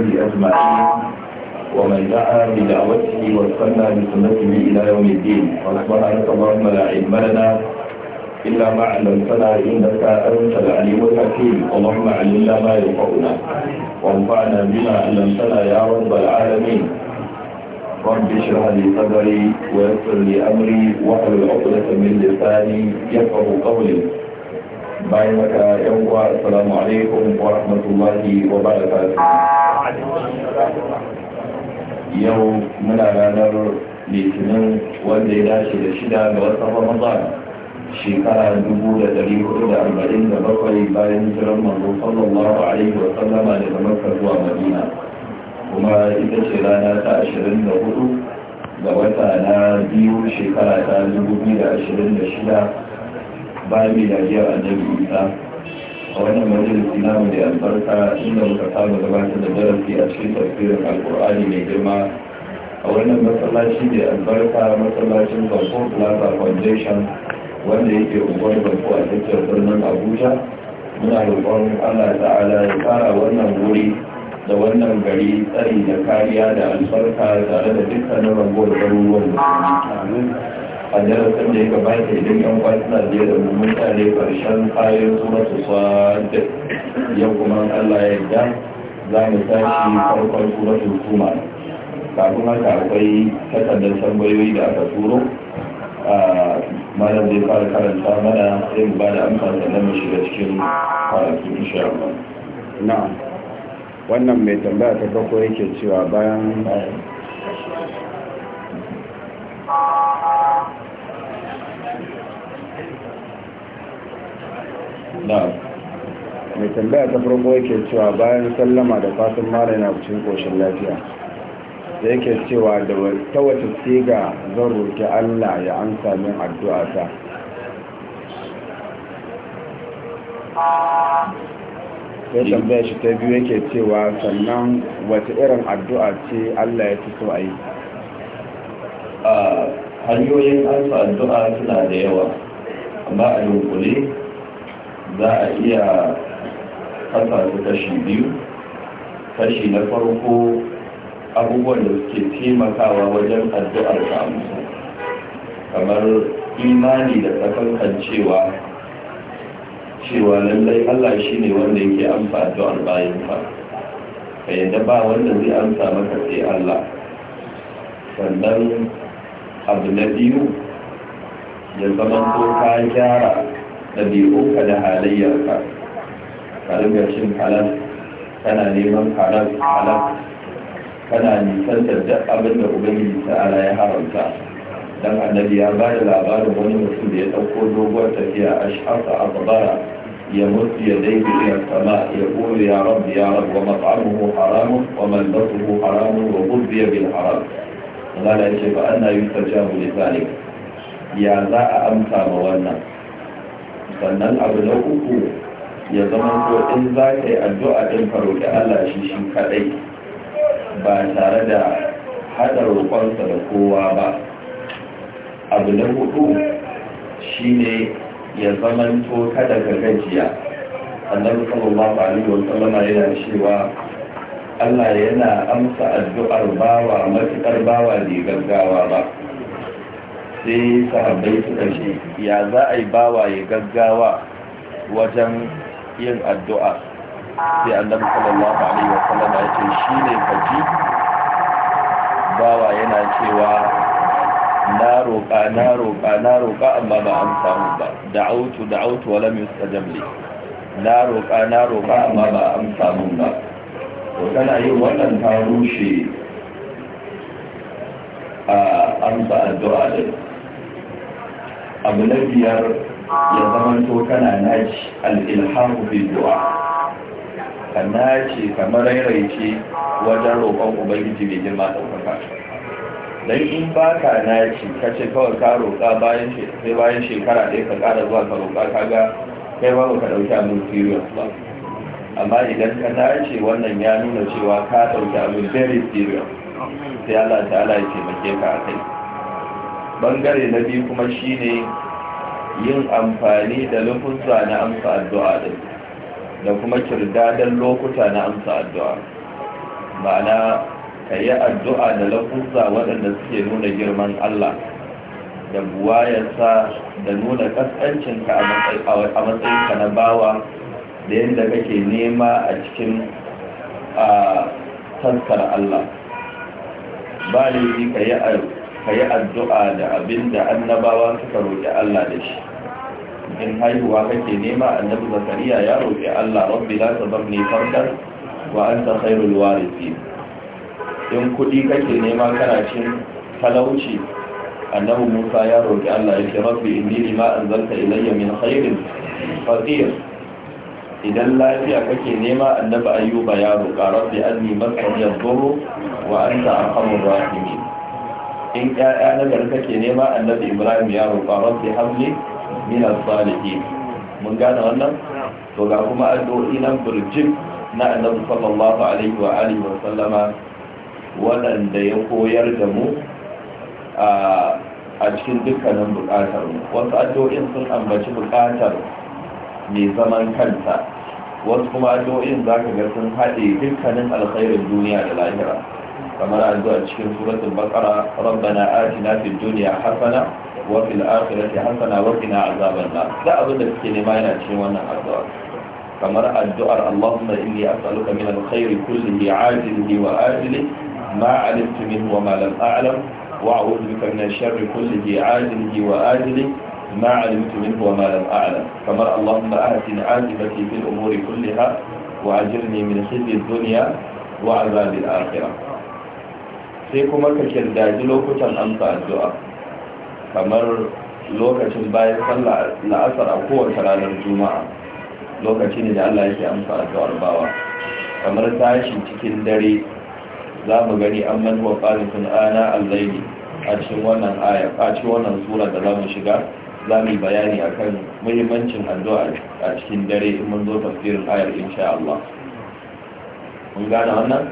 وأصحابه أجمعين ومن دعا بدعوته واستنى بسنته إلى يوم الدين وسبحانك اللهم لا علم لنا إلا ما علمتنا إنك أنت العليم الحكيم اللهم علمنا ما ينفعنا وانفعنا بما علمتنا يا رب العالمين رب اشرح لي صدري ويسر لي أمري واحلل عقدة من لساني يفقه قولي bayan haka yan uwa عليكم ورحمة الله وبركاته yau muna ranar litinin wanda ya dace da shida ga wata ramadan shekara dubu da dari hudu da arba'in da bakwai bayan hijiran manzo sallallahu alaihi wa sallama daga makka zuwa madina kuma ita ce rana ta ashirin da hudu ga wata na biyu shekara ta dubu biyu da ashirin da shida bayan annabi isa a wannan majalisi namu da albarka inda muka saba gabatar da darasi a cikin tafsirin alkur'ani mai girma a wannan masallaci da albarka masallacin banko plaza foundation wanda yake unguwar banko a cikin birnin abuja muna roƙon allah ta'ala ya fara wannan wuri da wannan gari tsari da kariya da albarka tare da dukkanin rabuwar garuruwan musulmi a darasin da ya gabata idan yan kwatsa biya da mutane karshen kayan su masu sa'adda yau kuma allah ya yarda za mu tashi farkon su masu kuma kafin haka akwai takardar tambayoyi da aka turo malam zai fara karanta mana sai mu ba da amsa sannan mu shiga cikin karatu insha Allah na'am wannan mai tambaya ta farko yake cewa bayan mai tambaya ta farko yake cewa bayan sallama da fatan mara na cikin koshin lafiya da yake cewa da ta wata siga zan roƙi allah ya amsa min addu'a ta sai tambaya shi ta biyu yake cewa sannan wata irin addu'a ce allah ya fi so a yi ah, hanyoyin amsa addu'a suna da yawa amma a yi za a iya kasa su kashi biyu kashi na farko abubuwan da suke taimakawa wajen addu'ar samu kamar imani da tsakankan cewa cewa lallai allah shi ne wanda yake amsa addu'ar bayan ka. ka yadda ba wanda zai amsa maka sai allah sannan abu na biyu ya zama ko ka gyara الذي أفدها علي الحال فلم يرشم حلال فنا نيمان حلال حلال فنا نيسان تبدأ قبل أبن نيسا على يهار الحال لما النبي أبايا الأبايا الغني مسلم يتوقف ربوة في أشحاط أطبارا يمد يديه إلى السماء يقول يا رب يا رب ومطعمه حرام وملبسه حرام وغذي بالحرام قال الشيخ أنا يستجاب لذلك يا ذا أمسى موالنا sannan abu na uku ya zama ko in za ka yi addu'a din faroƙi Allah shi shi kaɗai ba tare da haɗa roƙonsa da kowa ba abu na hudu shi ne ya zama to kada ka gajiya annabi sallallahu alaihi wa sallama yana cewa Allah yana amsa addu'ar bawa matuƙar bawa ne gaggawa ba sai sahabbai suka ce ya za a yi bawa ya gaggawa wajen yin addu'a sai annabi sallallahu alaihi wasallam ya ce shi ne kaji bawa yana cewa na roƙa na roƙa na roƙa amma ba an samu ba da'autu da'autu wala lam yustajab li na roƙa na roƙa amma ba an samu ba to kana yin wannan ta rushe a an ba addu'a din abu na biyar ya zamanto kana naci al'ilhamu bin du'a ka naci kamar rairaice wajen roƙon ubangiji mai girma ɗaukaka don in ba ka naci ka ce kawai ka roƙa sai bayan shekara ɗaya ka ƙara zuwa ka roƙa ka ga kai ba ka ɗauki abin serious ba amma idan ka nace wannan ya nuna cewa ka ɗauki abin very serious sai Allah ta'ala ya taimake ka a kai bangare na biyu kuma shine yin amfani da lufunsa na amsa addu'a din da kuma kirdadan lokuta na amsa addu'a ma'ana ka yi addu'a da lufunsa waɗanda suke nuna girman Allah da buwayarsa da nuna ƙasƙancinka a matsayinka na bawa da yadda kake nema a cikin a taskar Allah ba ne ka yi ka yi addu'a da abin da annabawa suka roƙi Allah da shi in haihuwa kake nema annabi zakariya ya roƙi Allah rabbi la ne fardan wa anta khairul warithin in kuɗi kake nema kana cin talauci annabi Musa ya roƙi Allah yake rabbi inni lima anzalta ilayya min khairin faqir idan lafiya kake nema annabi ayyuba ya roƙa rabbi anni masani yadhurru wa anta arhamur rahimin in ƴaƴa na gari kake nema annabi ibrahim ya roƙa rabbi hamli min as-salihin mun gane wannan to ga kuma addu'o'i nan burjin na annabi sallallahu alaihi wa alihi wa sallama waɗanda ya koyar da mu a cikin dukkanin buƙatar mu wasu addu'o'in sun ambaci buƙatar mai zaman kanta wasu kuma addu'o'in zaka ga sun haɗe dukkanin alkhairin duniya da lahira kamar an zo cikin suratul baqara rabbana atina fid dunya hasana wa fil akhirati hasana wa qina azaban nar da abin da suke nema yana cikin wannan addu'a kamar addu'ar Allahumma inni as'aluka min al-khairi kullihi 'ajilihi wa ajilihi ma 'alimtu minhu wa ma lam a'lam وأعوذ بك من الشر كله عاجله وآجله ما علمت منه وما لم أعلم كما اللهم أهتن عاجبتي في الأمور كلها وأجرني من خزي الدنيا وعذاب الآخرة sai kuma ka kirdaji lokutan amsa addu'a kamar lokacin bayan sallah la'asar a kowace ranar juma'a lokaci ne da Allah yake amsa addu'ar bawa kamar tashi cikin dare za mu gani an manuwa ƙarfin ana al a cikin wannan aya a cikin wannan sura da za mu shiga za mu yi bayani akan muhimmancin addu'a a cikin dare in mun zo tafsirin ayar insha Allah mun gane wannan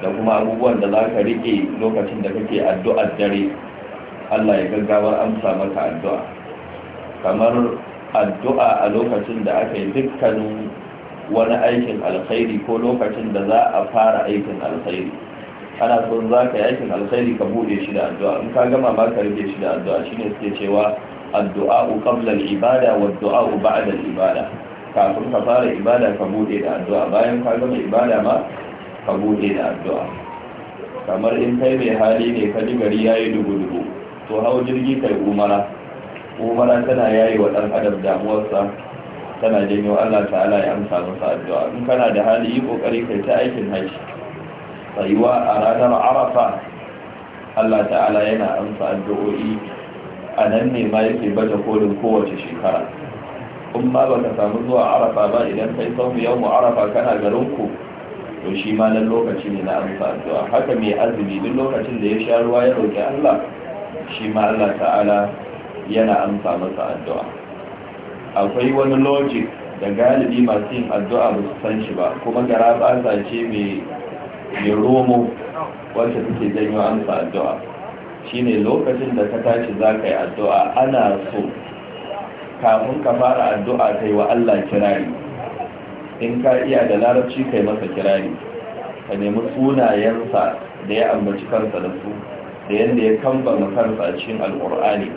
da kuma abubuwan da za ka rike lokacin da kake addu'ar dare Allah ya gaggawar amsa maka addu'a kamar addu'a a lokacin da aka yi dukkanin wani aikin alkhairi ko lokacin da za a fara aikin alkhairi ana son za ka yi aikin alkhairi ka buɗe shi da addu'a in ka gama maka ka rike shi da addu'a shine suke cewa addu'a qabla al-ibada wa addu'a ba'da al-ibada kafin ka fara ibada ka bude da addu'a bayan ka gama ibada ma ka bude da addu'a kamar in kai mai hali ne ka ji gari yayi dubu-dubu. to hau jirgi kai umara umara tana yayi wa dan adam damuwarsa tana janyo Allah ta'ala ya amsa masa addu'a in kana da hali yi kokari kai ta aikin haji tsayuwa a ranar arafa Allah ta'ala yana amsa addu'o'i a nan ne ma yake baje kolin kowace shekara kun ba ba ka samu zuwa arafa ba idan kai sau yau mu arafa kana garin ku to shi ma nan lokaci ne na amsa addu'a haka mai azumi duk lokacin da ya sha ruwa ya roki Allah shi ma Allah ta'ala yana amsa masa addu'a akwai wani logic da galibi masu yin addu'a ba su san shi ba kuma gara zace ce mai romo wacce suke janyo amsa addu'a shine lokacin da ka tashi za ka yi addu'a ana so kafin ka fara addu'a kai wa Allah kirari in ka iya da larabci kai masa kirari ka nemi sunayensa da ya ambaci kansa da su da yadda ya kambama kansa a cikin alkur'ani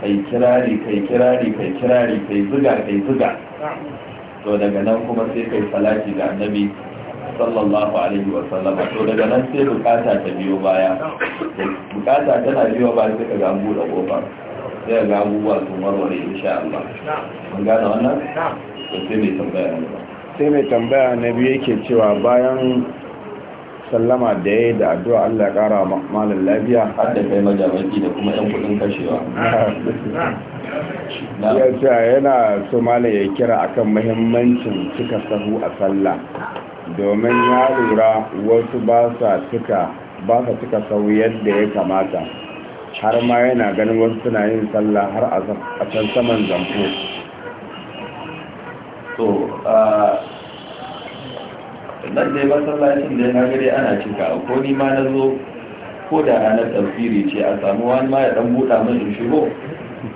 kai kirari kai kirari kai kirari kai ziga kai ziga to daga nan kuma sai kai salati ga annabi sallallahu alaihi wa sallam to daga nan sai bukata ta biyo baya bukata tana biyo baya sai ka ga an buɗe kofar zai ga abubuwa sun warware insha Allah Mun gane wannan to sai mai tambaya ne sai mai tambaya na biyu yake cewa bayan sallama da ya da addu'a Allah ya kara Malam lafiya har da kai majamaki da kuma yan kuɗin kashewa ya ce yana so malam ya kira akan mahimmancin cika sahu a sallah domin ya lura wasu ba sa cika ba sa cika sahu yadda ya kamata har ma yana ganin wasu suna yin sallah har a can saman zamfo to nan dai masallacin da ya gare ana cika ko ni ma na zo ko da ranar tafsiri ce a samu wani ma ya dan buɗa mai in shigo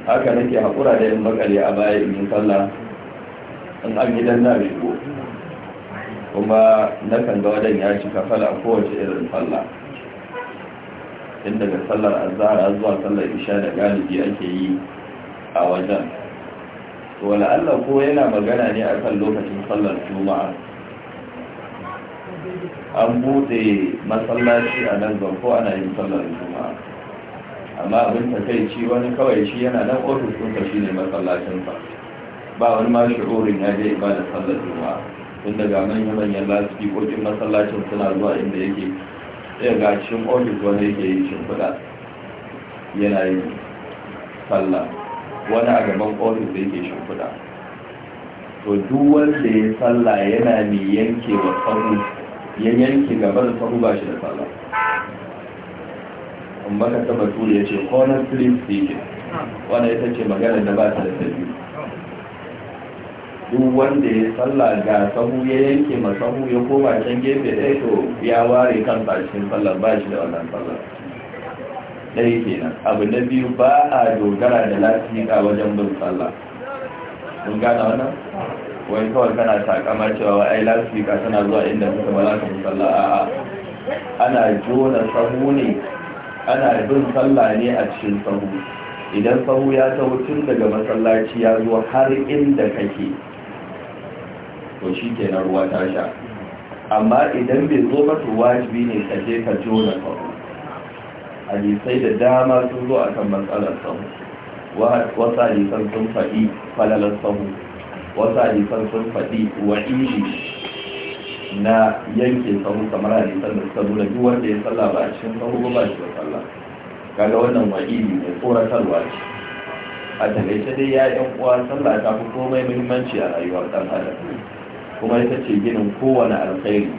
haka nake haƙura da yin bakale a baya in yi sallah in an gidan na shigo kuma na kan ga wadan ya cika fala kowace irin sallah tun daga sallar azhar har zuwa sallar isha da galibi ake yi a wajen wala Allah ko yana magana ne akan lokacin sallar juma'a an bude masallaci a nan ko ana yin sallar juma'a amma abin ta ci wani kawai shi yana nan ofis ɗinsa shi ne masallacinsa ba wani ma shi'urin ya je ba da sallar juma'a tun daga manyan manyan lasifikokin masallacin suna zuwa inda yake ya ga cikin ofis wanda yake yi shimfiɗa yana yin sallah wani a gaban ofis da yake shimfiɗa to duk wanda ya sallah yana mai yanke wa sahu ya yanke gaba da sahu ba shi da sallah in baka taba tura ya ce corner sleep speaking wannan ita ce magana da ba ta da sabi duk wanda ya salla ga sahu ya yanke ma sahu ya koma can gefe ɗaya to ya ware kan cikin sallar ba shi da wannan sallar ɗaya kenan abu na biyu ba a dogara da lafiya wajen bin sallah mun gane wannan wai kawai kana takama cewa ai lafiya tana zuwa inda suka ba za ka fi sallah a'a ana jona sahu ne ana bin sallah ne a cikin sahu idan sahu ya taho tun daga masallaci ya zo har inda kake to shi ke na ruwa ta sha amma idan bai zo ba wajibi ne je ka jona sahu hadisai da dama sun zo a kan matsalar sahu wasu hadisan sun faɗi falalar sahu wasu hadisan sun faɗi wa'ili na yanke sahu kamar hadisan da suka nuna duk wanda ya tsalla ba a cikin sahu ba ba shi da tsalla kaga wannan wa'ili mai tsoratarwa ce a taƙaice dai ya yan uwa sallah ta fi komai muhimmanci a rayuwar ɗan adam kuma ita ce ginin kowane alkhairi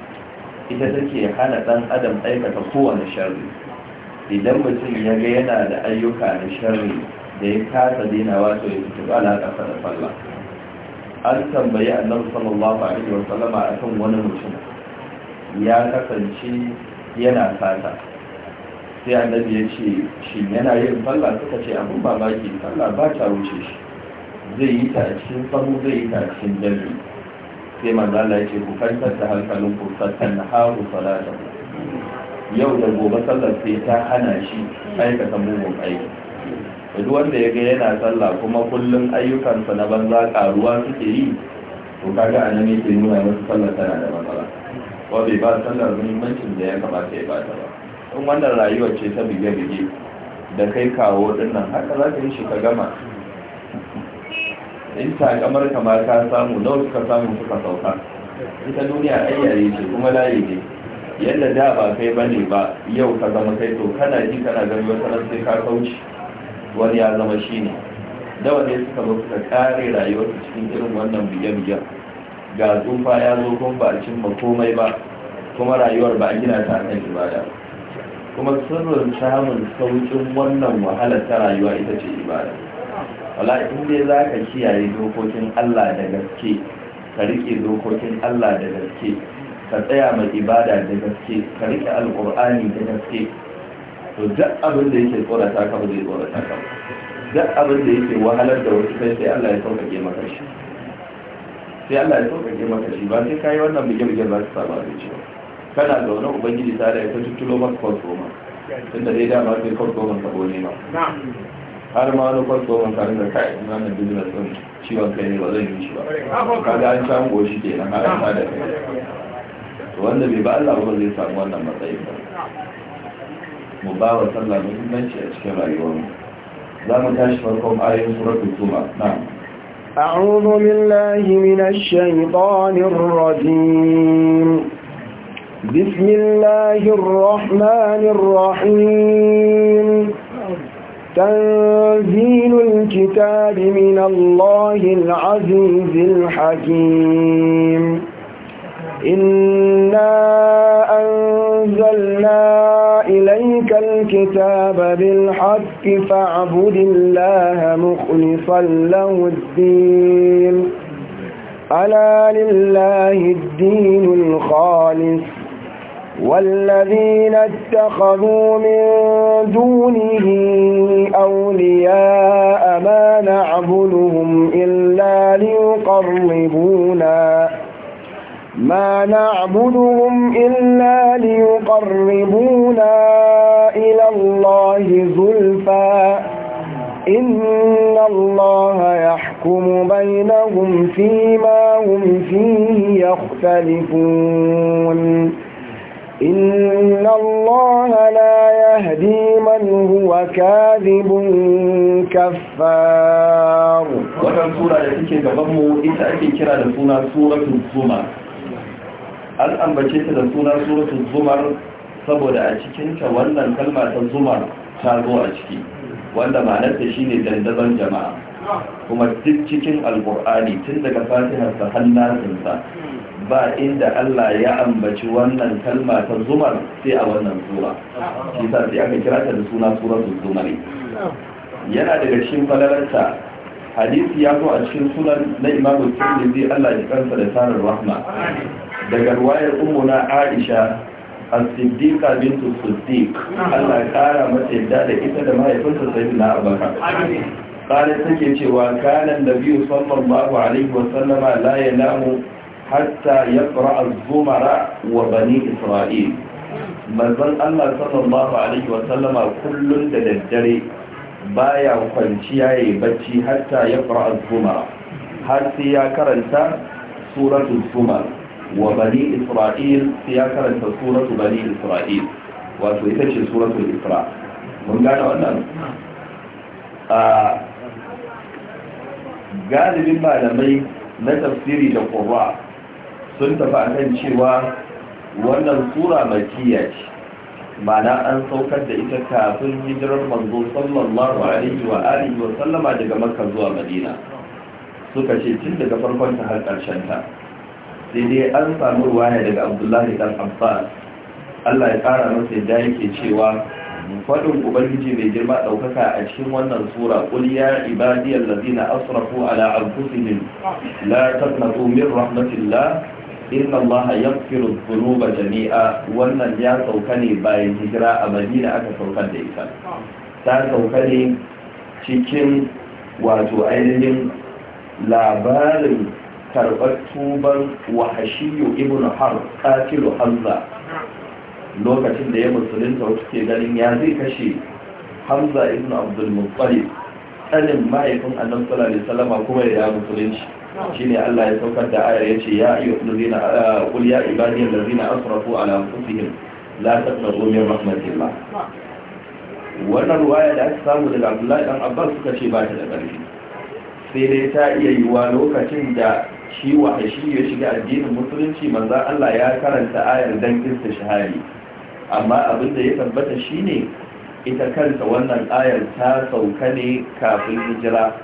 ita take hana dan adam aikata kowane sharri idan mutum ya ga yana da ayyuka na sharri da ya kasa dina wato ya fito alaƙa da falla. an tambayi annabi sallallahu alaihi wa sallama akan wani mutum ya kasance yana sata sai annabi ya ce shi yana yin falla suka ce abin mamaki falla ba ta wuce shi zai yi ta cikin sahu zai yi ta cikin jami'i sai manzo Allah yake ku kantar da hankalin ku na haru salata yau da gobe sallar sai ta hana shi aikata mugun aiki duk wanda ya ga yana sallah kuma kullum ayyukansa na banza karuwa suke yi to kaga anan yake nuna masa sallar tana da matsala wa bai ba sallar muhimmancin da ya kamata ya bata ba in wannan rayuwar ce ta bige-bige da kai kawo dinnan haka za ka yi shi ka gama in ta kamar ma ka samu nawa suka samu suka sauka ita duniya ayyare ce kuma layi ne yadda da ba kai ba ne ba yau ka zama kai to kana ji kana gani wata nan sai ka kauci wani ya zama shi ne da wane suka zo suka kare rayuwarsu cikin irin wannan biye biyar ga tsufa ya zo kuma ba a cimma komai ba kuma rayuwar ba a gina ta a kan ibada kuma sirrin samun saukin wannan wahalar ta rayuwa ita ce ibada wala in dai za ka kiyaye dokokin Allah da gaske ka rike dokokin Allah da gaske ka tsaya mai ibada da gaske ka rike alkur'ani da gaske to duk abin da yake tsorata ka zai tsorata ka duk abin da yake wahalar da wasu kai sai Allah ya sauƙaƙe maka shi sai Allah ya sauƙaƙe maka shi ba sai kai wannan bige-bige ba su saba da cewa kana zaune ubangiji tare ya ta tuttulo maka kwarso ma tunda dai dama sai kwarso man ka bone ma har ma wani kwanto ban karin da kai na na business din ciwon kai ne ba zan yi shi ba kaga an samu goshi ke nan har ta da kai wanda bai ba Allah ba zai samu wannan matsayi ba mu ba wa sallah muhimmanci a cikin rayuwar mu za mu tashi farkon ayoyin suratul tuma na'am أعوذ بالله من الشيطان الرجيم بسم الله الرحمن الرحيم تنزيل الكتاب من الله العزيز الحكيم إنا أنزلنا إليك الكتاب بالحق فاعبد الله مخلصا له الدين ألا لله الدين الخالص والذين اتخذوا من دونه أولياء ما نعبدهم إلا ليقربونا ما نعبدهم إلا ليقربونا إلى الله زلفا إن الله يحكم بينهم فيما هم فيه يختلفون إن الله ya يهدي من هو كاذب كفار wannan sura da take gaban ita ake kira da suna suratul zumar an ambace ta da suna suratul zumar saboda a cikin wannan kalma ta zumar ta zo a ciki wanda ma'anarta ta shine dandazon jama'a kuma duk cikin alqur'ani tun daga fatiha ta ba inda Allah ya ambaci wannan kalma ta zumar sai a wannan sura shi sa sai aka kira ta da suna suratul zumar yana daga cikin falalarta hadisi ya zo a cikin sunan na imamu tirmidhi Allah ya kansa da tarar rahma daga ruwayar na Aisha as-siddiqa bintu siddiq Allah ya kara mata yadda da ita da mahaifinta sayyidina Abubakar قالت تكي cewa كان النبي صلى الله عليه وسلم لا ينام hatta ya fara zumara wa bani isra'il manzon allah sallallahu alaihi wasallama kullum da daddare baya kwanciya ya yi bacci hatta ya fara zumara har sai ya karanta suratul zumar wa bani isra'il ya karanta suratul bani isra'il ita ce mun gane wannan galibin malamai na tafsiri da ƙura sun tafi a kan cewa wannan sura makiya ce mana an saukar da ita kafin hijirar manzo sallallahu alaihi wa alihi wa sallama daga makka zuwa madina suka ce tun daga farkon ta har karshen ta sai dai an samu ruwaya daga abdullahi dan abbas Allah ya kara masa yadda yake cewa fadin ubangiji mai girma daukaka a cikin wannan sura qul ya ibadiyallazina asrafu ala anfusihim la taqnatu min rahmatillah inna allaha yaghfiru dhunuba jami'a wannan ya sauka ne bayan hijira a madina aka saukar da ita ta sauka ne cikin wato ainihin labarin karɓar tuban wahashiyu ibn har katilu hamza lokacin da ya musulunta wata ke ganin ya zai kashe hamza ibn abdul muttalib tsanin mahaifin annabi sallallahu alaihi kuma ya musulunci shine Allah ya saukar da ayar yace ya ayyuhallazina ah, qul ya asrafu ala anfusihim la taqnatu min Ba. wannan ruwaya da aka samu daga Abdullahi dan Abbas suka ce ba ta da ƙarfi sai dai ta iya yiwa lokacin da shi wahashi ya shiga addinin musulunci manza, Allah ya karanta ayar dan shahari amma abin da ya tabbata shine ita kanta wannan ayar ta sauka ne kafin hijira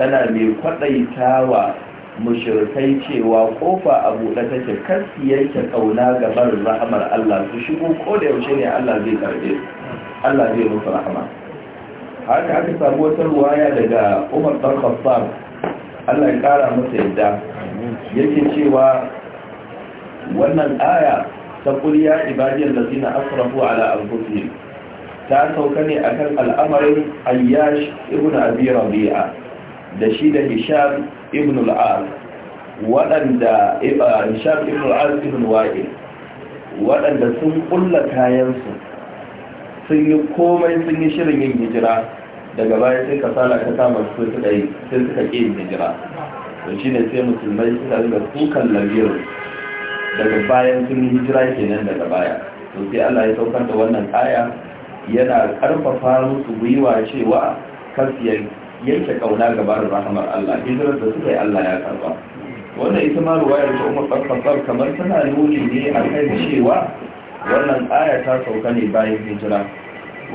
tana mai kwadaitawa mushrikai cewa kofa a buɗe take kasu yanke kauna ga barin rahamar Allah su shigo ko da yaushe ne Allah zai karbe Allah zai musu rahama haka aka samu wata ruwaya daga Umar bin Khattab Allah ya kara masa yadda yake cewa wannan aya ta ya ibadiyar lazina asrafu ala anfusihim ta sauka ne akan al'amarin ayyash ibn abi rabi'a da shi da hisham ibn al az waɗanda eh, hisham ibn al az ibn wa'il waɗanda sun ƙulla kayansu sun yi komai sun yi shirin yin hijira daga baya sai kasala ta kama su suka sai suka ke yin hijira to shine sai musulmai suka riga kukan lamirin daga bayan sun yi hijira kenan daga baya to sai Allah ya saukar da wannan aya yana ƙarfafa musu gwiwa cewa kafiyar yanke kauna ga barin rahamar Allah hijirar da suka yi Allah ya karba wannan ita ma ruwayar ta Umar Fasfasar kamar tana nuni ne a kan cewa wannan aya ta sauka ne bayan hijira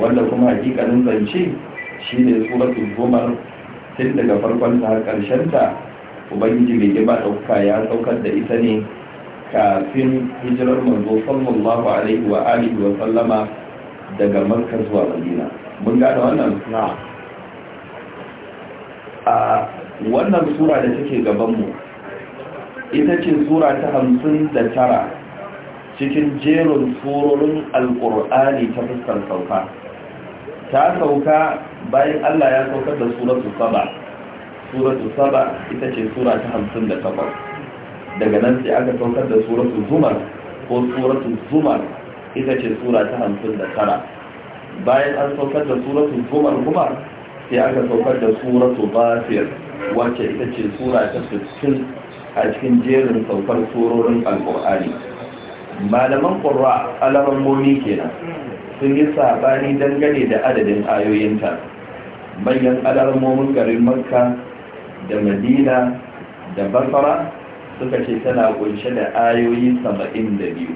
wanda kuma hakikalin zance shi ne suratul gomar tun daga farkon ta har karshen ta ubangiji mai gima ɗauka ya saukar da ita ne kafin hijirar manzo sallallahu alaihi wa alihi wa sallama daga makka zuwa madina mun gane wannan na'am a wannan sura da take gabanmu ita ce sura ta hamsin da tara cikin jerin surorin alƙur'ani ta fuskar sauka ta sauka bayan allah ya saukar da suratu saba suratu saba ita ce sura ta hamsin da takwas daga nan sai aka saukar da suratu zumar ko suratu zumar ita ce sura ta hamsin da tara bayan an saukar da suratu zumar kuma sai aka saukar da suratu ghafir wacce ita ce sura ta cikin a cikin jerin saukar surorin alkur'ani malaman qurra alamomi kenan sun yi sabani dangane da adadin ayoyinta manyan alamomin garin makka da madina da basara suka ce tana kunshe da ayoyi 72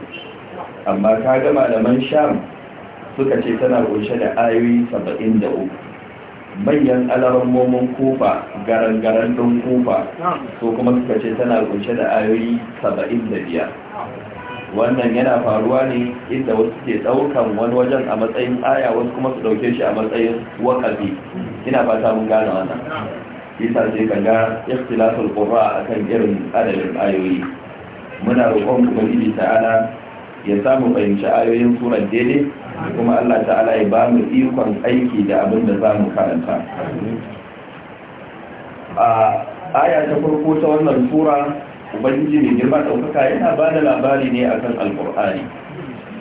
amma ga malaman sham suka ce tana kunshe da ayoyi uku. manyan momon kofa garan-garan don kofa so kuma suka ce tana kunshe da ayoyi saba'in da biyar wannan yana faruwa ne inda wasu ke daukan wani wajen a matsayin aya wasu kuma su dauke shi a matsayin wakafi ina ta mun gane wannan isa ce ka ga ikhtilafin qurra akan irin adadin ayoyi muna roƙon ubangiji ta'ala ya samu fahimci ayoyin sura daidai kuma Allah ta'ala ya ba mu ikon aiki da abin da za mu karanta a aya ta farko ta wannan tura ubangiji mai girma ɗaukaka yana ba da labari ne akan alƙur'ani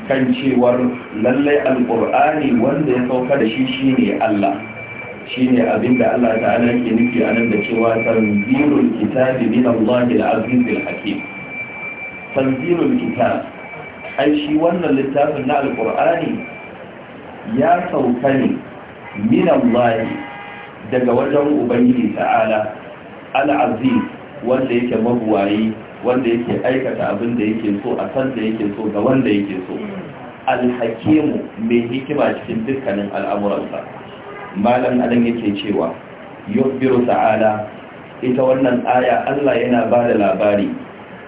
kan cewar lallai alƙur'ani wanda ya sauka da shi ne Allah shine abin da Allah ta'ala ke nufi a nan da cewa tanzilul kitabi min Allah al-aziz hakim tanzilul kitab ai shi wannan littafin na alkur'ani ya sauka ne minan bayi daga wajen ubangiji ta'ala al'aziz wanda yake mabuwayi wanda yake aikata abin da yake so a san da yake so ga wanda yake so alhakimu mai hikima cikin dukkanin al'amuransa malam adan yake cewa yubbiru ta'ala ita wannan aya Allah yana ba da labari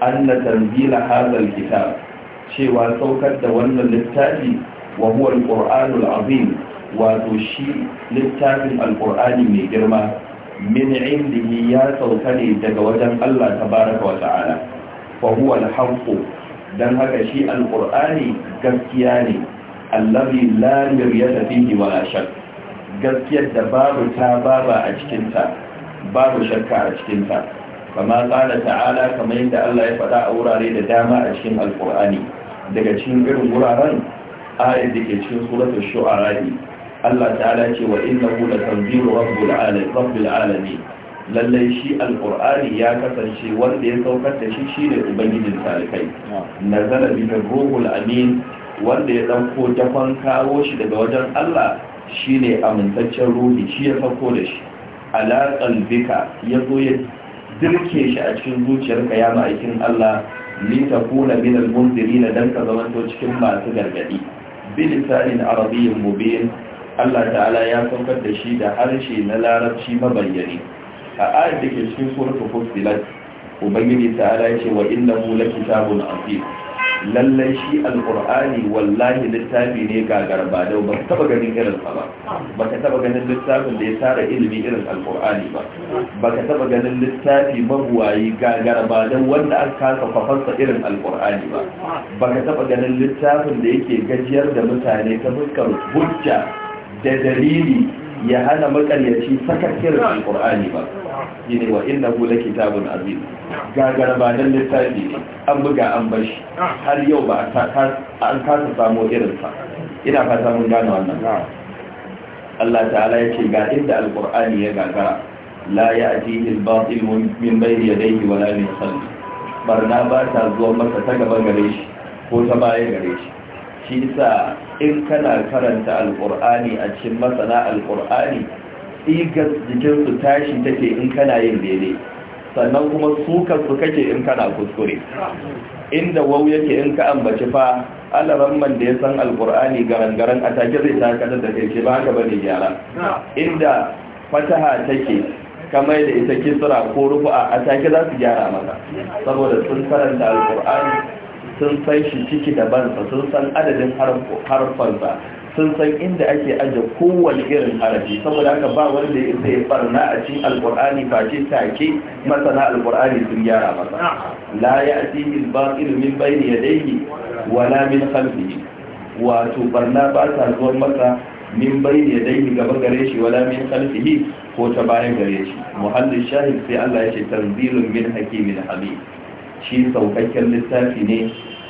anna tanzila Hazal, Kitab. cewa saukar da wannan littafi wa huwa azim wato shi littafin alqur'ani mai girma min indihi ya sauka ne daga wajen Allah tabaraka wa ta'ala fa huwa alhaqqu dan haka shi alqur'ani gaskiya ne allazi la miryata fihi wa la gaskiyar da babu ta baba a cikin ta babu shakka a cikin ta kama qala ta'ala kamar yadda Allah ya faɗa a wurare da dama a cikin alqur'ani daga cikin irin wuraren ayat da ke cikin suratul shu'ara Allah ta'ala ce wa innahu latanzilu rabbil alamin rabbil alamin lallai shi alkur'ani ya kasance wanda ya saukar da shi shine ubangijin talikai nazala bihi ruhul amin wanda ya dauko dakon kawo shi daga wajen Allah shine amintaccen ruhi shi ya sauko da shi ala qalbika yazo ya dirke shi a cikin zuciyarka ya ma'aikin Allah litakuna min al-munzirin dan ka zamanto cikin masu gargadi bilisanin arabiyyin mubin Allah ta'ala ya saukar da shi da harshe na larabci mabayyani a ayat da ke cikin suratul fussilat ubangiji ta'ala ya ce wa innahu lakitabun azim lallai shi Alƙur'ani wallahi littafi ne ga garbadau ba taba ganin irin ba ba ka taba ganin littafin da ya tara ilimi irin alkur'ani ba ba ka taba ganin littafi mabuwayi ga garbadau wanda aka kasa kwafansa irin alkur'ani ba ba ka taba ganin littafin da yake gajiyar da mutane ta fuskar hujja da dalili ya hana makaryaci sakakkirin alkur'ani ba shine wa innahu lakitabun azim gagara ba dan littafi ne an buga an bashi har yau ba an kasa samo irinsa ina fata mun gane wannan Allah ta'ala ya ce ga inda alkur'ani ya gagara la ya atihi al-batil min bayni yadayhi wala min khalfi barna ba ta zuwa masa ta gaba gare shi ko ta baya gare shi shi yasa in kana karanta alkur'ani a cikin masana alkur'ani tsigar jikinsu tashi take in kana yin daidai sannan kuma sukar su kake in kana kuskure inda wau yake in ka ambaci fa man da ya san alkur'ani garangaran a take zai taka da kai ba haka bane gyara inda fataha take kamar da ita kisra ko rufu'a a take za su gyara maka saboda sun karanta alkur'ani sun san shi ciki da bansa sun san adadin harfansa sun san inda ake aje kowane irin harafi saboda haka ba wanda ya isa ya barna a cikin alqur'ani face take masana alkur'ani sun gyara masa la ya'tihi al-batil min ya yadayhi wala min khalfihi wato barna ba ta zuwa masa min ya yadayhi gaba gare shi wala min khalfihi ko ta bayan gare shi muhallin shahid sai Allah ya ce tanzilun min hakimin hamid shi saukakken littafi ne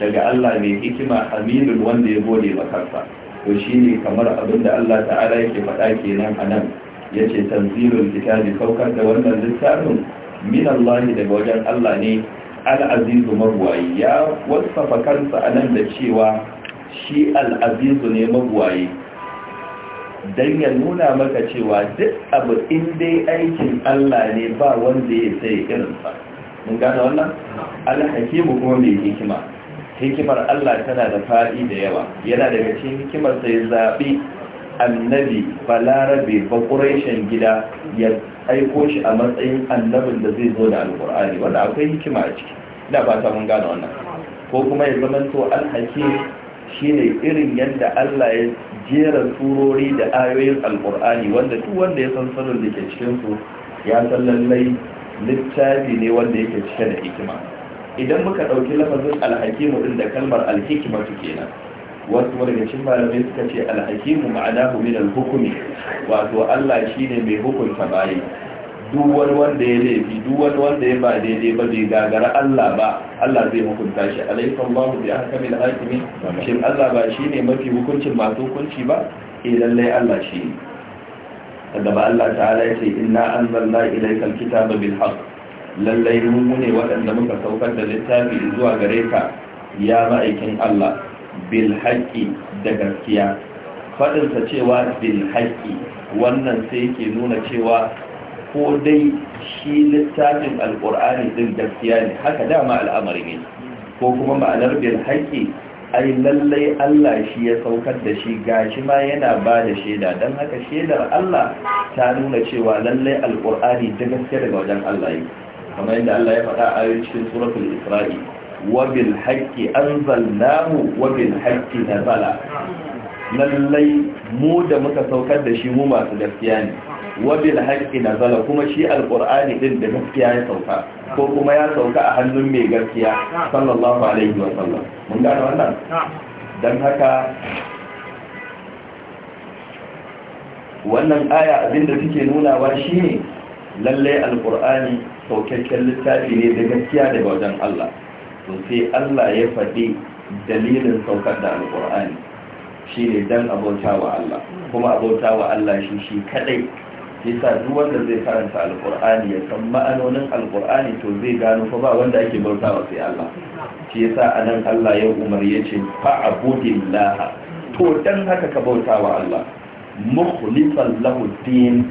daga Allah mai hikima hamidun wanda ya gode wa kansa to kamar abin da Allah ta'ala yake faɗa kenan a nan yace tanzilul kitabi kaukar da wannan littafin min Allah daga wajen Allah ne al'azizu azizu magwayi ya wasafa kansa a nan da cewa shi al'azizu ne magwayi dan ya nuna maka cewa duk abu in dai aikin Allah ne ba wanda ya sai irinsa mun gane wannan al-hakimu kuma mai hikima hikimar Allah tana da faɗi da yawa yana daga cikin hikimar sai zaɓi annabi balarabe bakureshen gida ya aiko shi a matsayin annabin da zai zo da alkur'ani wanda akwai hikima a ciki da ba ta mun gane wannan ko kuma ya zama to shi shine irin yadda Allah ya jera turori da ayoyin alkur'ani wanda duk wanda ya san sanar da ke cikin su ya san lallai littafi ne wanda yake cike da hikima idan muka ɗauki lafazin alhakimu ɗin da kalmar alhikimatu kenan wasu daga cikin malamai suka ce alhakimu ma'ana min alhukumi wato Allah shi ne mai hukunta bayi duk wani wanda ya laifi duk wani wanda ya ba daidai ba bai gagara Allah ba Allah zai hukunta shi alaikum babu bi ahkamil hakimin shin Allah ba shi ne mafi hukuncin masu hukunci ba eh lallai Allah shi ne daga ba Allah ta'ala ya ce inna anzalna ilaykal kitaba bil haqq lallai mu ne waɗanda muka saukar da littafi zuwa gare ka ya ma'aikin Allah bil da gaskiya faɗinsa cewa bil wannan sai yake nuna cewa ko dai shi littafin alƙur'ani ɗin gaskiya ne haka dama al'amari ne ko kuma ma'anar bil ai lallai Allah shi ya saukar da shi gashi ma yana ba da shaida don haka shaidar Allah ta nuna cewa lallai alƙur'ani da gaskiya daga wajen Allah yake kamar yadda Allah ya faɗa a cikin suratul Isra'i wa bil haqqi anzalnahu wa bil haqqi lallai mu da muka saukar da shi mu masu gaskiya ne wa haƙƙi na zala, kuma shi Alƙur'ani ɗin da gaskiya ya sauka ko kuma ya sauka a hannun mai gaskiya sallallahu alaihi wa sallam mun gano wannan dan haka wannan aya abinda take nunawa shine lallai alqur'ani saukakken littafi ne da gaskiya daga wajen Allah to sai Allah ya faɗi dalilin saukar da alƙur'ani shi ne don abauta wa Allah kuma abauta wa Allah shi shi kaɗai yasa duk wanda zai karanta alƙur'ani ya san ma'anonin alƙur'ani to zai gano fa ba wanda ake bauta wa sai Allah shi yasa anan Allah ya umar ya ce fa abudillah to dan haka ka bauta wa Allah mukhlisan lahu din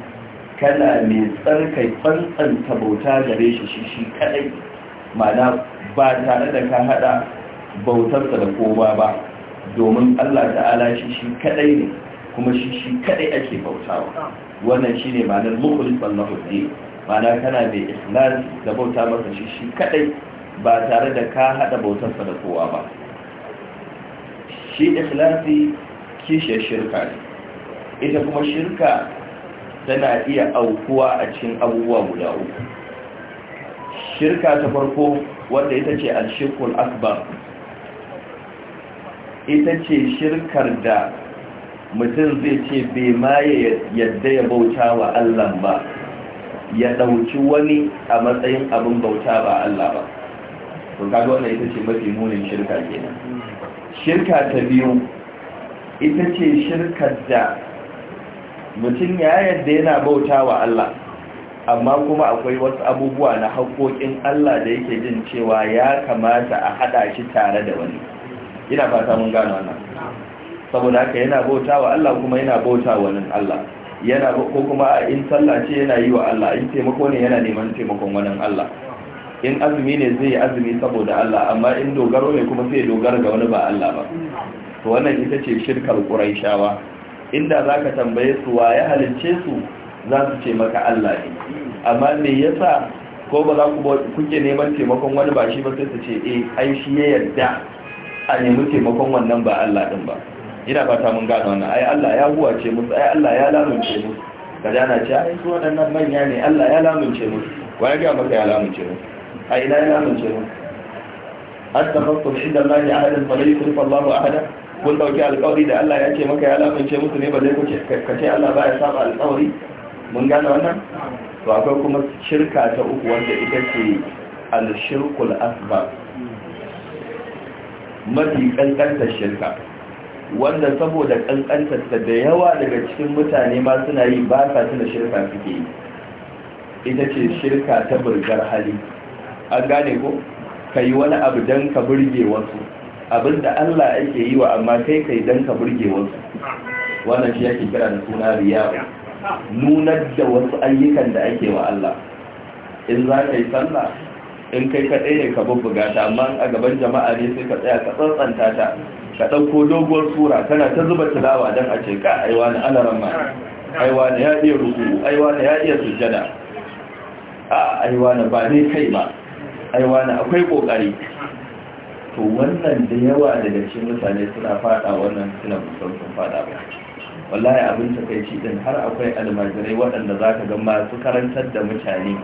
kana mai tsarkai tsantsanta bauta gare shi shi shi kadai Ma'ana ba tare da ka hada bautarsa da kowa ba domin Allah ta'ala shi shi kadai ne kuma shi shi kadai ake bautawa wannan shine ma'anar mukhlis wallahu din ma'ana kana mai ikhlas da bauta masa shi shi kadai ba tare da ka hada bautarsa da kowa ba shi ikhlasi kishiyar shirka ne ita kuma shirka tana iya aukuwa a cikin abubuwa guda uku shirka ta farko wanda ita ce al-shirkul akbar ita ce shirkar da mutum zai ce bai ma yadda ya bauta wa Allah ba ya ɗauki wani a matsayin abin bauta ba Allah ba kaga wannan ita ce mafi munin shirka kenan shirka ta biyu ita ce shirkar da mutum ya yadda yana bauta wa Allah amma kuma akwai wasu abubuwa na haƙoƙin Allah da yake jin cewa ya kamata a haɗa shi tare da wani ina fata mun gano wannan saboda haka yana bauta wa Allah kuma yana bauta wa wani Allah yana ko kuma in sallah ce yana yi wa Allah in taimako ne yana neman taimakon wani Allah in azumi ne zai yi azumi saboda Allah amma in dogaro ne kuma sai dogara ga wani ba Allah ba to wannan ita ce shirkar Qurayshawa inda za ka tambaye su wa ya halince su za su ce maka Allah ne amma me yasa ko ba za ku kuke neman taimakon wani ba shi ba sai su ce eh ai shi ya yarda a nemi taimakon wannan ba Allah din ba ina fata mun gano wannan ai Allah ya huwace musu ai Allah ya lamunce musu kaza na ce ai su waɗannan manya ne Allah ya lamunce musu wa ya ga maka ya lamunce musu ai ina ya lamunce musu hatta fakkun inda Allah ya ahadan fa la yukhlifu Allahu ahada kun dauki alƙawari da Allah ya ce maka ya lamince musu ne ba zai kuce ka ce Allah ba ya saba alƙawari mun gane wannan to akwai kuma shirka ta uku wanda ita ce al-shirkul asba mafi kankantar shirka wanda saboda kankantarsa da yawa daga cikin mutane ma suna yi ba sa tuna shirka suke yi ita ce shirka ta burgar hali an gane ko ka wani abu dan ka burge wasu abinda Allah yake yi wa amma kai kai dan ka burge wasu wannan shi yake kira da suna riya nunar da wasu ayyukan da ake wa Allah in za ka yi sallah in kai kaɗai ne ka bubbuga ta amma a gaban jama'a ne sai ka tsaya ka tsantsanta ta ka ɗauko doguwar sura kana ta zuba tilawa dan a ce ka aiwa ni alaran ramma aiwa ni ya iya ruku aiwa ni ya iya sujjada a aiwa ni ba ne kai ba aiwa ni akwai ƙoƙari to wannan da yawa daga cikin mutane suna fada wannan suna musamman fada ba wallahi abin shi din har akwai almajirai waɗanda za ka ga masu karantar da mutane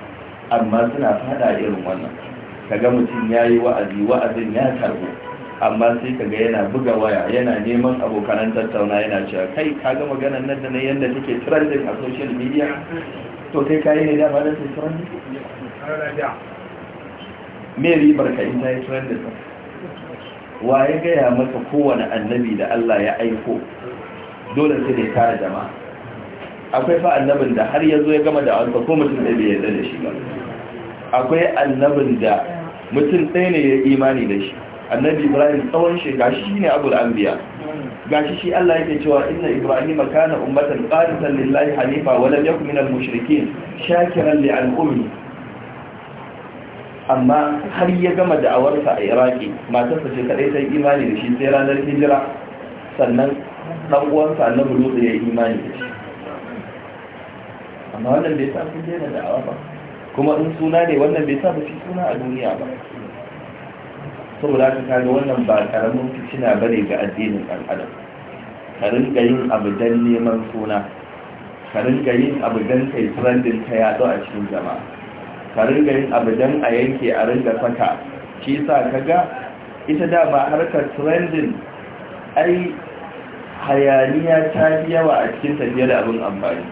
amma suna fada irin wannan ka ga mutum ya yi wa'azi wa'azin ya karbo amma sai ka ga yana buga waya yana neman abokanan tattauna yana cewa kai ka ga maganar nan da na yadda take trending a social media to kai ka yi ne dama da su trending me ribar ka in ta yi trending wa ya gaya maka kowane annabi da Allah ya aiko dole sai da tara jama'a akwai fa annabin da har yazo ya gama da alfa ko mutum da bai yarda da shi ba akwai annabin da mutum ɗaya ne ya imani da shi annabi ibrahim tsawon shi gashi shine abul anbiya gashi shi Allah yake cewa inna ibrahim kana ummatan qanitan lillahi hanifa wa lam yakun minal mushrikeen shakiran li al-ummi amma har ya gama da'awarsa a iraki matarsa ce kadai ta imani da shi sai ranar hijira sannan dan uwansa na lutsu ya yi imani da shi amma wannan bai sa sun daina da'awa ba kuma in suna ne wannan bai sa ba shi suna a duniya ba saboda ka kaga wannan ba karamin fitina bane ga addinin ɗan adam ka rinka yin abu dan neman suna ka rinka yin abu dan kai trending ta yaɗo a cikin jama'a ka ringa yin abu don a yanke a ringa saka shi sa ka ga ita da ba harkar trending ai hayaniya ta fi yawa a cikin tafiya da abin amfani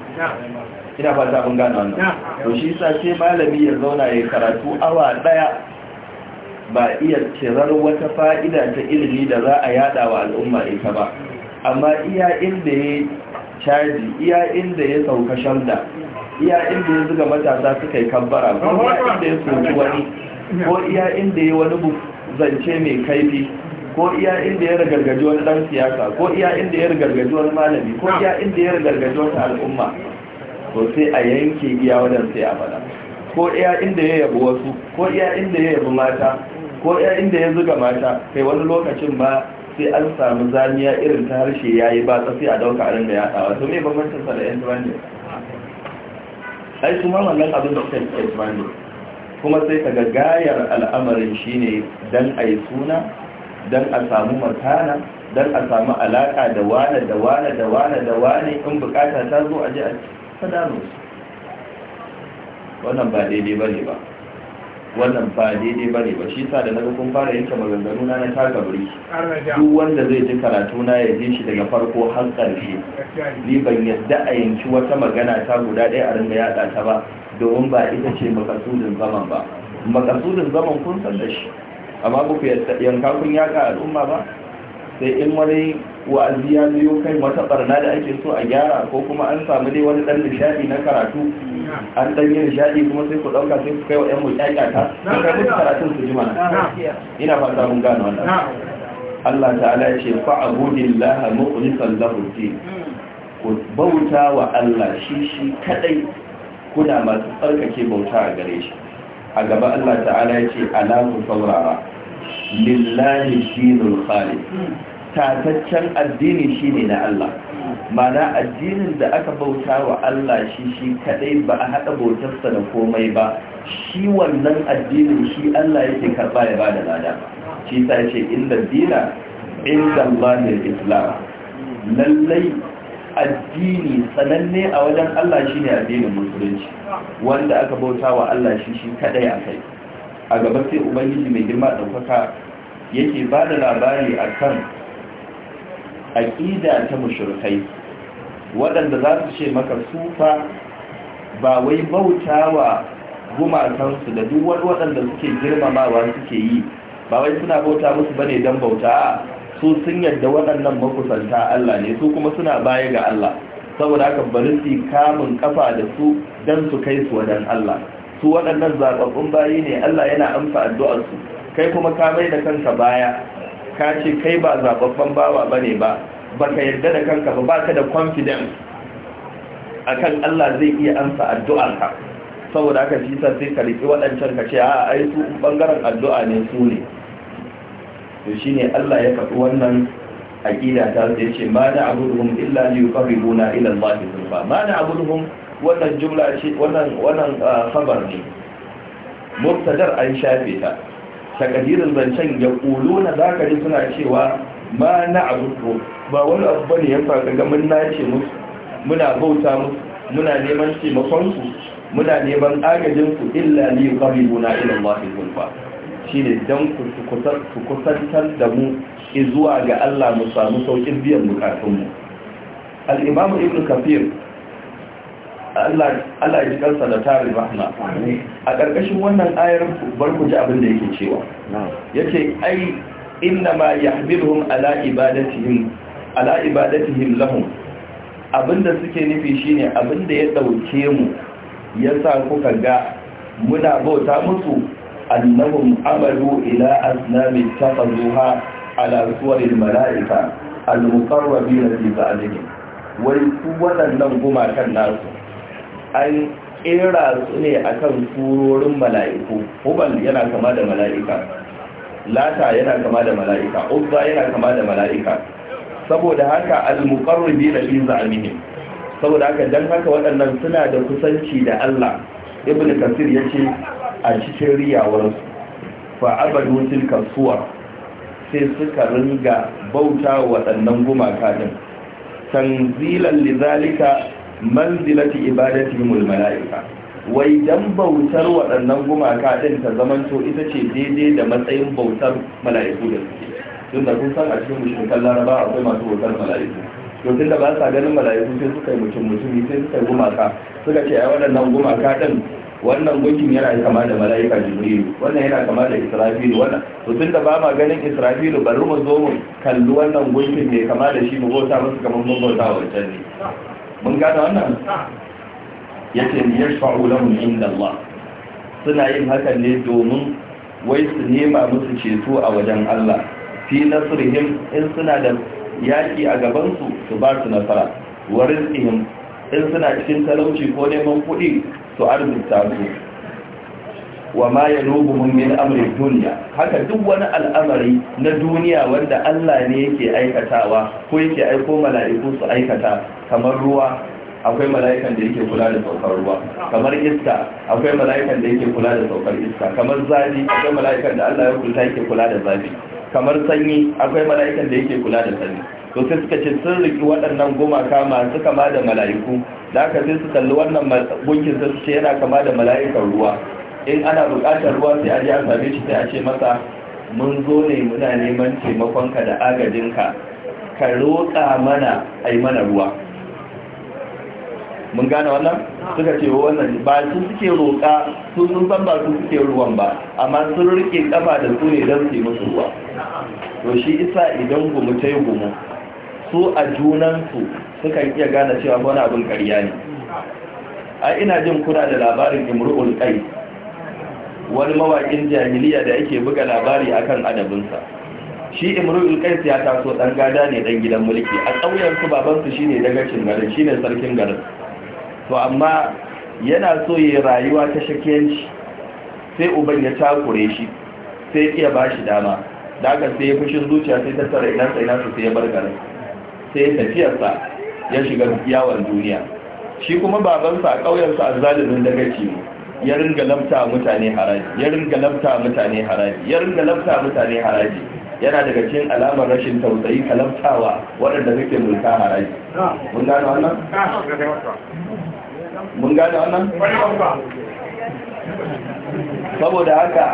ina fata abin gano wannan to shi sa sai malami ya zauna ya karatu awa daya ba iya cirar wata fa'ida ta ilimi da za a yada wa al'umma ita ba amma iya inda ya caji iya inda ya sauka shanda iya inda ya zuga matasa suka yi kambara ko iya inda ya soki wani ko iya inda ya wani zance mai kaifi ko iya inda ya ragargaji wani dan siyasa ko iya inda ya ragargaji wani malami ko iya inda ya ragargaji wata al'umma ko sai a yanke iya wadan sai a bada ko iya inda ya yabi wasu ko iya inda ya yabi mata ko iya inda ya zuga mata kai wani lokacin ba sai an samu zaniya irin ta harshe yayi ba sai a dauka a rinda yadawa to me bambancin sa da yan tuwan ai kuma wannan abin da kai ke kuma sai ka gaggayar al'amarin shine dan ai suna dan a samu makana dan a samu alaka da wane da wane da wane da wane in bukata ta zo a ji a sadaro wannan ba daidai bane ba wannan ba daidai ba ne ba shi sa da naga kun fara yanke maganganu na na taka buri duk wanda zai ji karatu na ya ji shi daga farko har ƙarshe ni ban yadda a yanki wata magana ta guda ɗaya a ringa yaɗa ta ba domin ba ita ce makasudin zaman ba makasudin zaman kun san da shi amma ku yanka kun yaka al'umma ba sai in wani wa'azi ya biyo kai wata barna da ake so a gyara ko kuma an samu dai wani dan nishadi na karatu an dan yi nishadi kuma sai ku ɗauka sai ku kai wa yan 'ya'ya ta kai musu karatun su jima ina fata mun gano wannan Allah ta'ala ya ce fa laha muqlisan lahu ku bauta wa Allah shi shi kadai kuna masu tsarkake bauta a gare shi a gaba Allah ta'ala ya ce ala ku saurara lillahi dinul khalid tataccen addini shine na Allah mana addinin da aka bauta wa Allah shi shi kadai ba a haɗa bautarsa da komai ba shi wannan addinin shi Allah yake karɓa ya bada lada shi ta ce inda dina inda Allahil Islam lallai addini sananne a wajen Allah shine addinin musulunci wanda aka bauta wa Allah shi shi kadai a kai a gaba sai ubangiji mai girma ɗaukaka yake ba da labari akan aƙida ta mushrikai waɗanda za su ce maka sufa ba wai bautawa gumakansu da duk wani waɗanda suke girmamawa suke yi ba wai suna bauta musu bane don bauta su sun yadda waɗannan makusanta Allah ne su kuma suna baya ga Allah saboda haka bari su kamun kafa da su don su kai su wajen Allah su waɗannan zaɓaɓɓun bayi ne Allah yana amsa addu'arsu kai kuma ka mai da kanka baya ka ce kai ba zababban bawa ba ne ba baka yarda da kanka ba Ba ka da confidence a kan Allah zai iya amsa addu'arka saboda haka shi sai ka riki waɗancan ka ce a ai su bangaren addu'a ne su ne shi ne Allah ya faɗi wannan aqida ta sai ce ma da abuduhum illa li yuqarribuna ila Allah zulfa ma da abuduhum wannan jumla ce wannan wannan ah, khabar ne mubtadar an shafe ta takadirin zancen ya ƙulu na zakari suna cewa ma na abubuwa ba wani abu ba ne ya fara ga mun nace musu muna bauta musu muna neman taimakonsu muna neman agajinku illa li yuqarribuna ila Allah zulfa Shi ne don ku kusantar da mu zuwa ga Allah mu samu saukin biyan bukatunmu al Ibn kafir Allah ya kansa da tarin rahma a ƙarƙashin wannan ayar bar ji abin da yake cewa yace ai inna ma yahmiluhum ala ibadatihim ala ibadatihim abinda suke nufi shine abinda ya dauke mu Ya sa kuka ga muna bauta musu annahum amalu ila asnami tafazuha ala suwaril mala'ika al-muqarrabina fi ba'dihim wai ku waɗannan gumakan nasu an kera su ne akan turorin mala'iku hubal yana kama da mala'ika lata yana kama da mala'ika uzza yana kama da mala'ika saboda haka al-muqarribi da fi za'amihim saboda haka dan haka waɗannan suna da kusanci da Allah ibnu kasir yace a cikin riyawar fa abadu tilka sai suka ringa bauta waɗannan gumaka din tanzilan lidhalika manzilati ibadatihim almalaika wai dan bautar waɗannan gumaka din ta zamanto ita ce daidai da matsayin bautar mala'iku da suke tun da kun san a cikin mushrikan laraba akwai masu bautar mala'iku to tun da ba sa ganin mala'iku sai suka yi mutum mutumi sai suka yi gumaka suka ce ai waɗannan gumaka din wannan gunkin yana kama da mala'ika jibrilu wannan yana kama da israfilu wannan to tun da ba ma ganin israfilu bari mu zo mu kalli wannan gunkin mai kama da shi mu bauta musu kamar mun bauta wancan ne mun gane wannan ya ce ni inda Allah suna yin hakan ne domin wai su nema musu ceto a wajen Allah fi nasrihim in suna da yaki a gabansu, su ba su nasara wa rizqihim in suna cikin talauci ko neman kuɗi su arzuta su wa ma mun min amri dunya haka duk wani al'amari na duniya wanda Allah ne yake aikatawa ko yake aiko mala'iku su aikata kamar ruwa akwai mala'ikan da yake kula da saukar ruwa kamar iska akwai mala'ikan da yake kula da saukar iska kamar zafi akwai mala'ikan da Allah ya kulta yake kula da zafi kamar sanyi akwai mala'ikan da yake kula da sanyi to sai suka ce sun riki waɗannan gumaka masu kama da mala'iku da aka sai su kalli wannan gunkin sai su ce yana kama da mala'ikan ruwa in ana buƙatar ruwa sai a ji a same shi sai a ce masa mun zo ne muna neman taimakonka da agajinka ka roƙa mana a mana ruwa mun gane wannan suka ce wannan ba su suke roƙa su sun san ba su suke ruwan ba amma sun rike kafa da su ne don su yi musu ruwa to shi isa idan gumu ta yi gumu su a junansu suka iya gane cewa wani abin ƙarya ne a ina jin kuna da labarin imru'ul kai wani mawaƙin jahiliya da yake buga labari a kan adabinsa shi imrul qais ya taso dan gada ne dan gidan mulki a ƙauyen su baban su shine dagacin garin shine sarkin garin to amma yana so yi rayuwa ta shakiyanci sai uban ya takure shi sai iya shi dama da sai ya fushin zuciya sai ta tsara ina sai nasu sai ya bar garin sai ya tafiyarsa ya shiga yawon duniya shi kuma babansa a ƙauyensa a zalimin daga ne ya ringa lamta mutane haraji ya ringa lamta mutane haraji ya ringa lamta mutane haraji yana daga cikin alamar rashin tausayi ka lamtawa waɗanda kake mulka haraji mun gano wannan mun gano wannan saboda haka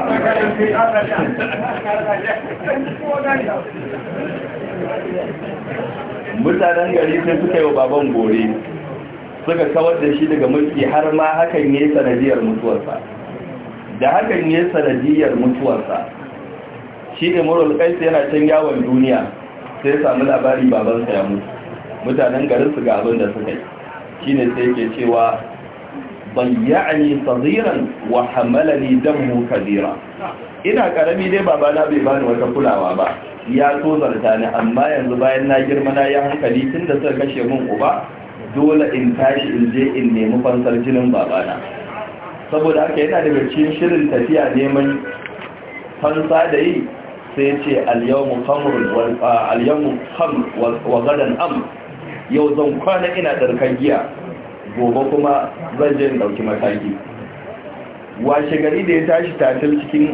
mutanen gari sai suka yi wa baban gore suka kawar da shi daga mulki har ma hakan ne sanadiyar mutuwarsa da hakan ne sanadiyar mutuwarsa shi ne murul kaisa yana can yawon duniya sai samu labari babansa ya mutu mutanen garin su ga abin da suka yi shi ne sai ke cewa ban bayyani saziran wa hamalani mu kadira ina karami dai babana bai bani wata kulawa ba ya so zarta ni amma yanzu bayan na girma na ya hankali tun da suka kashe mun uba dole in tashi in je in nemi fansar jinin babana saboda haka yana daga cikin shirin tafiya neman fansa da yi sai ce alyawmu khamr wa gadan am yau zan kwana ina darkan giya gobe kuma zan je in dauki mataki washe gari da ya tashi tatil cikin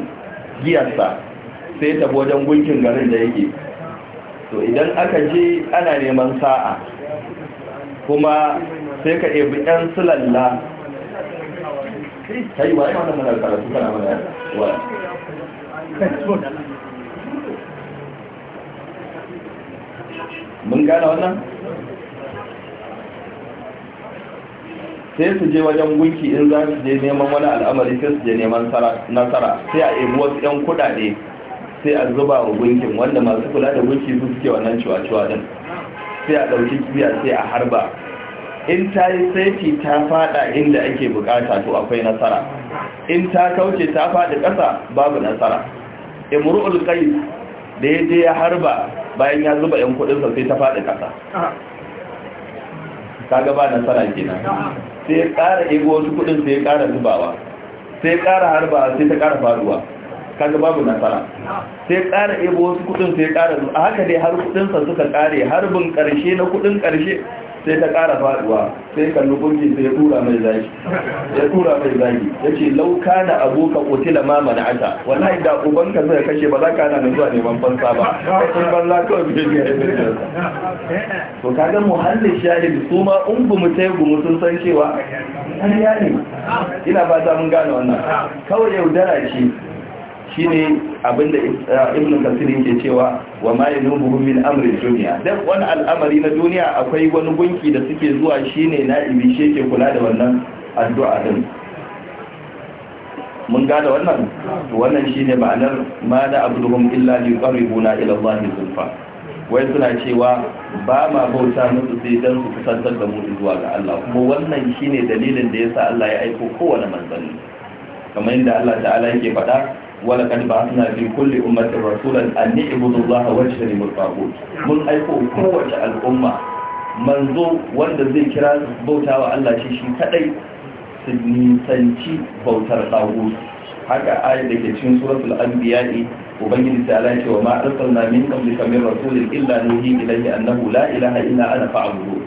giyarsa sai ta wajen gunkin garin da yake to idan aka je ana neman sa'a kuma sai ka ebi ɗan sulalla ta yi wannan mana karatu kana mana wa mun gane wannan sai su je wajen gunki in za su je neman wani al'amari sai su je neman nasara sai a ebi wasu 'yan kudade sai a zuba wa gunkin wanda masu kula da gunki su suke wannan ciwa-ciwa din sai a ɗauki kibiya sai a harba in ta yi saiti ta fada inda ake bukata to akwai nasara in ta kauce ta fada ƙasa babu nasara imru'ul kai da ya je ya harba bayan ya zuba yan kudin sa sai ta fada ƙasa kaga ba nasara kenan sai ya ƙara ego wasu kudin sai ya ƙara zubawa sai ya ƙara harba sai ta ƙara faduwa kaga babu nasara sai ƙara ebo wasu kudin sai ƙara a haka dai har kudinsa suka ƙare harbin ƙarshe na kudin ƙarshe sai ta ƙara faduwa sai kallon gungi sai ya tura mai zaki ya tura mai zaki ce lauka na aboka kotila ma mana ata wallahi da ubanka zai kashe ba za ka na zuwa neman fansa ba sai ban la kawai bai ga ya to kaga muhallin shahid su ma ungu mutai gumu sun san cewa an ne ina ba ta mun gane wannan kawai yaudara ce shine abinda ibn kasir yake cewa wa ma yanubu min amri dunya Duk wani al'amari na duniya akwai wani gunki da suke zuwa shine na shi ke kula da wannan addu'a din mun gane wannan wannan shine ma'anar ma da abduhum illa li qaribuna ila Allah zulfa wai suna cewa ba ma bauta musu sai dan su kusantar da mu zuwa ga Allah kuma wannan shine dalilin da yasa Allah ya aiko kowane manzanni kamar yadda Allah ta'ala yake faɗa ولقد بعثنا في كل أمة رسولا أن اعبدوا الله واجتنبوا الطاغوت من أيكو قوة الأمة منذ وند زي كرا بوتا الله شي شي كدي سنسنتي بوتر طاغوت haka ayat da ke cikin suratul anbiya'i ubangiji ta ala cewa ma arsalna min qablika min rasulin illa nuhi ilayhi annahu la ilaha ina ana fa'budu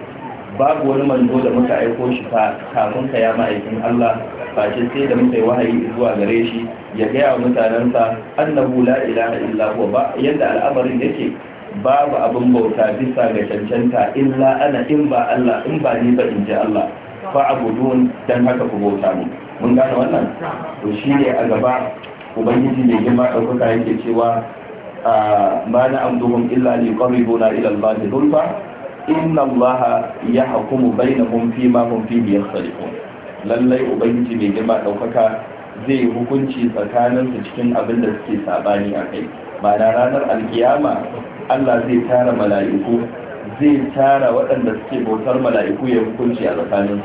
babu wani manzo da muka aiko shi fa kafin ka ya ma'aikin Allah fashe sai da muka yi wahayi zuwa gare shi ya gaya wa mutanensa annahu la ilaha illa huwa ba yadda al'amarin yake babu abin bauta bisa ga cancanta illa ana in ba Allah in ba ni ba in ji Allah fa abudun dan haka ku bauta mu mun gane wannan to shine a gaba ubangiji ne girma ɗaukaka yake cewa ma na amduhum illa li qarribuna ila Allah zulfa inna ya yahkumu bainahum fima hum fihi yakhtalifun lallai ubangiji mai girma ɗaukaka zai yi hukunci tsakaninsu cikin abin da suke sabani a kai ma'ana ranar alkiyama allah zai tara mala'iku zai tara waɗanda suke bautar mala'iku ya hukunci a tsakaninsu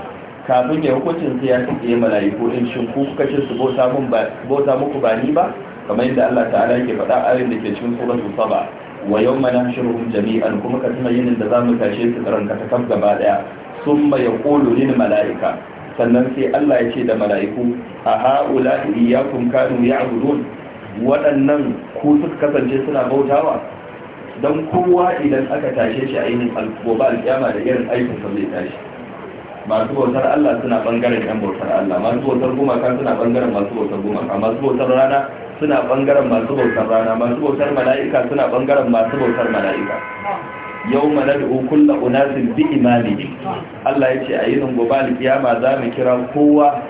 kafin ya hukuncin sai ya tsaye mala'iku ɗin shin ku kuka ce su bauta muku ba ni ba kamar yadda allah ta'ala yake faɗa a da ke cikin su saba wa yau mana shirin jami'an kuma ka tuna yinin da za mu tashe su karanka ta kaf gaba ɗaya sun ya ƙolo lil mala'ika sannan sai Allah ya ce da mala'iku a ha'ula iyakun kanu ya abudun waɗannan ku suka kasance suna bautawa don kowa idan aka tashe shi a yin gobe alƙyama da irin aikinsa zai tashi masu bautar Allah suna ɓangaren ɗan bautar Allah masu bautar gumaka suna ɓangaren masu bautar gumaka masu bautar rana suna ɓangaren masu bautar rana masu bautar mala'ika suna ɓangaren masu bautar mala'ika yau mana da okulla unasin bi imani Allah ya ce a yinin goba kiyama za mu kira kowa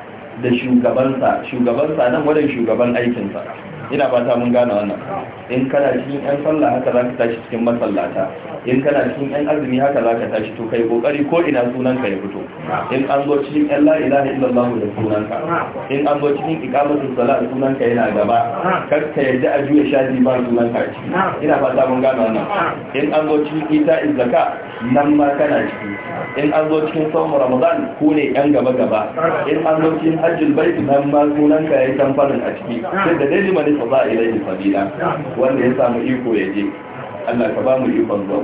da shugabansa shugabansa nan wadda shugaban aikinsa ina ba ta mun gane wannan in kana cikin yan sallah haka za ka tashi cikin masallata in kana cikin yan azumi haka za ka tashi to kai kokari ko ina sunanka ya fito in an zo cikin yan la ilaha illallah da sunanka in an zo cikin iqamatu salat sunanka yana gaba kar ka yadda a juya shafi ba sunanka ciki ina fata mun gano wannan in an zo cikin ita zakka nan ma kana ciki in an zo cikin saumu ramadan ku ne yan gaba gaba in an zo cikin hajjul bait nan ma sunanka yayi tamfarin a ciki sai da dai liman fa za a ilahi sabila wanda ya samu iko ya je Allah ka ba mu ikon zuwa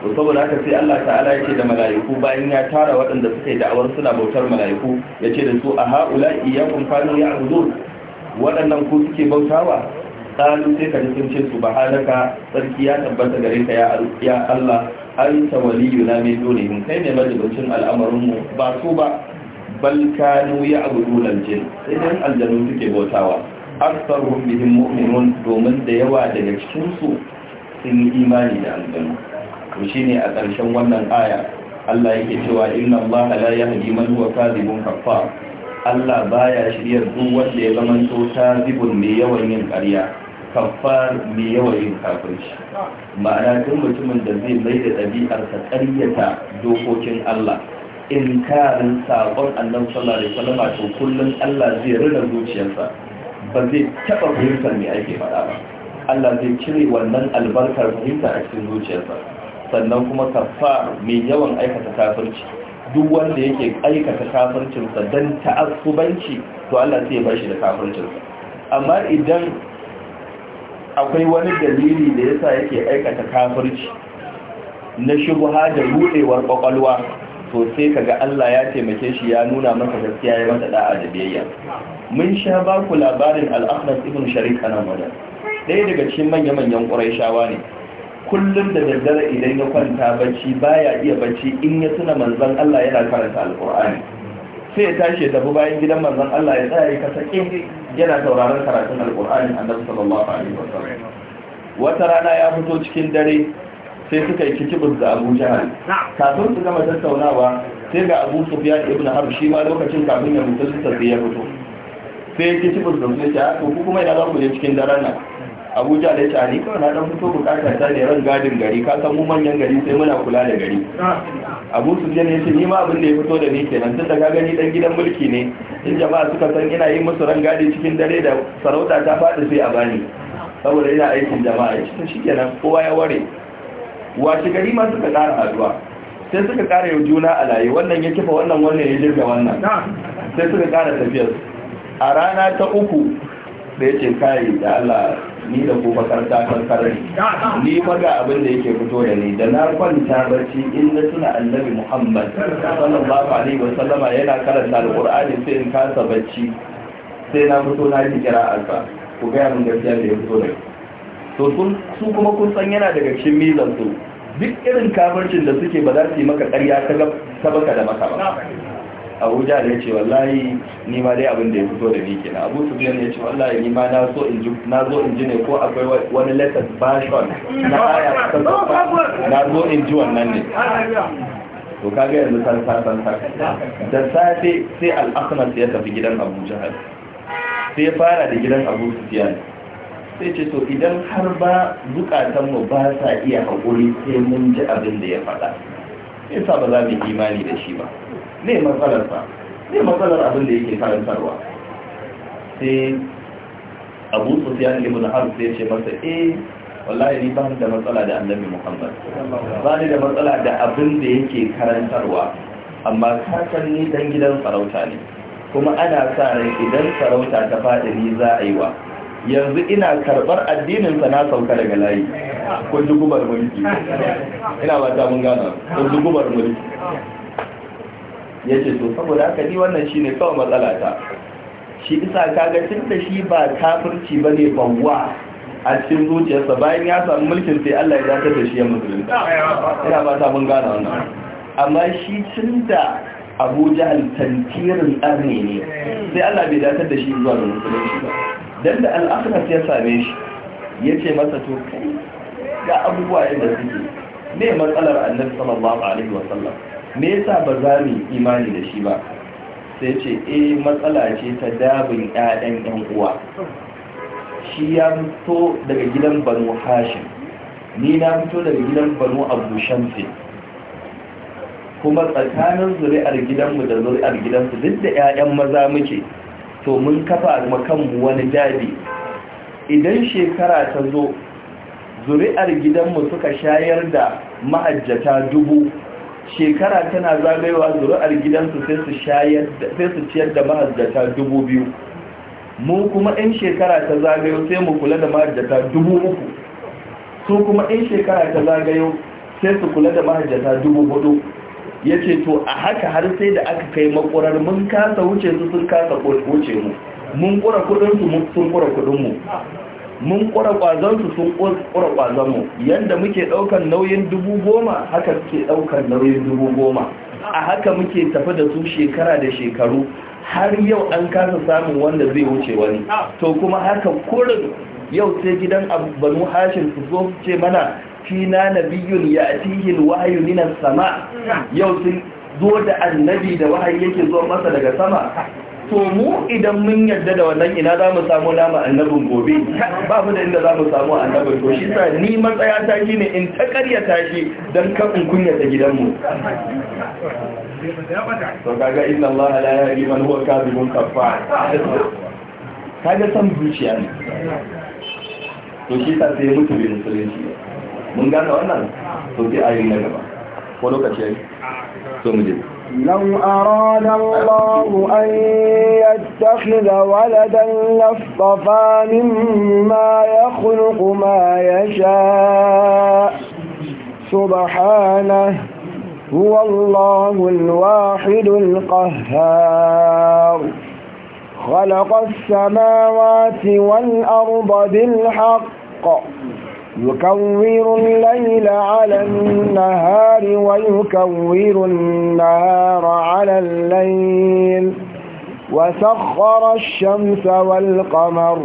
to saboda haka sai Allah ta'ala yake da mala'iku bayan ya tara waɗanda suka yi da'awar suna bautar mala'iku yace da su a haula iyyakum kanu ya'budun waɗannan ku suke bautawa qalu sai ka sun su bahalaka sarki ya tabbata gare ka ya ya Allah na mai dole mun kai ne majibincin al'amarin mu ba su ba bal kanu ya'budun al-jin sai dan aljanu suke bautawa aksaruhum bihim mu'minun domin da yawa daga cikinsu su sun yi imani da aljanna to ne a ƙarshen wannan aya Allah yake cewa inna Allah la yahdi man huwa kadhibun kaffar Allah baya shiryar duk wanda ya zama to kadhibun mai yawan yin ƙarya kaffar mai yawan yin kafirci ma'ana duk mutumin da zai mai da ɗabi'arsa ƙaryata dokokin Allah in karin sabon annabi sallallahu alaihi wasallam to kullun Allah zai rina zuciyarsa ba zai taɓa fahimtar mai aiki faɗa ba Allah zai cire wannan albarkar fahimta a cikin zuciyarsa sannan kuma kafa mai yawan aikata kafirci duk wanda yake aikata kafircinsa don ta'asubanci to Allah sai bashi da kafircinsa amma idan akwai wani dalili da yasa yake aikata kafirci na shubha da rudewar kwakwalwa to sai kaga Allah ya taimake shi ya nuna masa gaskiya ya masa da'a da biyayya mun sha ba ku labarin al ahnas ibn Sharik anan wada dai daga cikin manya-manyan Qurayshawa ne kullum da daddare idan ya kwanta bacci baya iya bacci in ya tuna manzon Allah yana karanta al-Qur'ani sai ya tashi ya tafi bayan gidan manzon Allah ya tsaya ya kasake yana tauraron karatun al-Qur'ani Annabi sallallahu alaihi wasallam wata rana ya fito cikin dare sai suka yi kicibin da abu jihar kafin su gama tattaunawa sai ga abu sufiyan ibn harb shi ma lokacin kafin ya mutu sai ya fito sai kicibin da su ya ce ah, ku kuma ina za ku je cikin daren nan abuja da ta ah, ni kawai na dan fito bukatar ta ne ran gadin gari ka san mu manyan gari sai muna kula da gari abu su ne ce ni ma abin da ya fito da ni kenan da ka gani dan gidan mulki ne in jama'a suka san ina yi musu ran gadi cikin dare da sarauta ta faɗi sai a bani saboda ina aikin jama'a shi kenan kowa ya ware washe gari ma suka ƙara haduwa sai suka ƙara yau juna a layi wannan ya kifa wannan wannan ya jirga wannan sai suka ƙara tafiyar a rana ta uku da ya ce kayi da Allah ni da ku makarta karkarar ni maga abin da yake fito da ni da na kwanta barci in na tuna annabi muhammad sallallahu alaihi wa sallama yana karanta alqur'ani sai in kasa barci sai na fito na ji kira alfa ku ga mun gaskiya da ya fito da ni to sun su kuma kun san yana daga cikin mizan su duk irin kafircin da suke ba za su yi maka ƙarya ta baka da maka ba abuja ya ce wallahi ni ma dai abin da ya fito da nike na. abu su ya ce wallahi ni ma na so in ji zo in ji ne ko akwai wani letter version na aya ta na zo in ji wannan ne to kaga yanzu san san san da safe sai al-akhnas ya tafi gidan abuja sai ya fara da gidan abu sufyan sai ce to idan har ba zukatanmu ba sa iya haƙuri sai mun ji abin da ya faɗa yasa ba za mu imani da shi ba ne matsalarsa ne matsalar abin da yake karantarwa sai abu sufyan ibn harb sai ce masa eh wallahi ni ba da matsala da annabi muhammad ba ni da matsala da abin da yake karantarwa amma ka san ni dan gidan sarauta ne kuma ana sa ran idan sarauta ta faɗi ni za a yi wa yanzu ina karɓar addininsa na sauka daga layi kun ji gubar mulki ina ba ta mun gana kun ji gubar mulki ya ce to saboda haka ni wannan shi ne kawai matsala ta shi isa kaga tun da shi ba kafirci ba ne bawwa a cikin zuciyarsa bayan ya samu mulkin sai Allah ya zata da shi ya musulunta ina ba ta mun gana wannan amma shi tun da abu jahal tantirin arne ne sai Allah bai datar da shi zuwa da musulunci ba dan da al'akras ya same shi ya ce masa to kai ga abubuwa yadda suke ne matsalar annabi sallallahu alaihi sallam me yasa ba za mu imani da shi ba sai ce eh matsala ce ta dabin ƴaƴan ƴan uwa shi ya fito daga gidan banu hashim ni na fito daga gidan banu abu shamsi kuma tsakanin zuri'ar gidanmu da zuri'ar gidansu duk da 'ya'yan maza muke to mun kafa kanmu wani jabi idan shekara ta zo zuri'ar gidanmu suka shayar da mahajjata dubu shekara tana zagayewa zuri'ar gidansu sai su ciyar da mahajjata dubu biyu mu kuma in shekara ta zagayo sai mu kula da mahajjata dubu uku su kuma in shekara ta zagayo sai su kula da mahajjata dubu hudu ya ce to a haka har sai da aka kai makurar mun kasa wuce su sun kasa wuce mu mun kura kudinsu sun kura kudinmu mun kura kwazonsu sun kura kwazonmu yadda muke ɗaukar nauyin dubu goma haka suke ɗaukar nauyin dubu goma a haka muke tafi da su shekara da shekaru har yau an kasa samun wanda zai wuce wani to kuma haka kurin yau sai gidan abu banu hashin su zo ce mana fina nabiyyun ya'tihi alwahyu min as-sama' yau sun zo da annabi da wahayi yake zuwa masa daga sama to mu idan mun yadda da wannan ina za mu samu nama annabin gobe ba mu da inda za mu samu annabin to shi sa ni matsaya ta shi ne in ta karyata shi don kafin kunya ta gidanmu to kaga inna Allah la yahdi man huwa kadhibun kaffar kaga san zuciya ne to shi sa sai mutu bi musulunci mun gane wannan to sai ayoyi na gaba ko lokaci yayi to mu je لو أراد الله أن يتخذ ولدا لاصطفى مما يخلق ما يشاء سبحانه هو الله الواحد القهار خلق السماوات والأرض بالحق يكور الليل على النهار ويكور النهار على الليل وسخر الشمس والقمر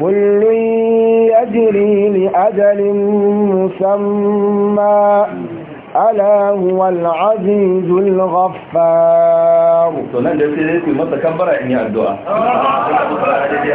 كل يجري لأجل مسمى ألا هو العزيز الغفار سنن da sai zai masa kambara in yi addu'a